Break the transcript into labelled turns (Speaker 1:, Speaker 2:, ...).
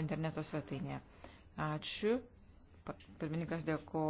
Speaker 1: interneto svetainėje. Ačiū. Pirmininkas dėkoju.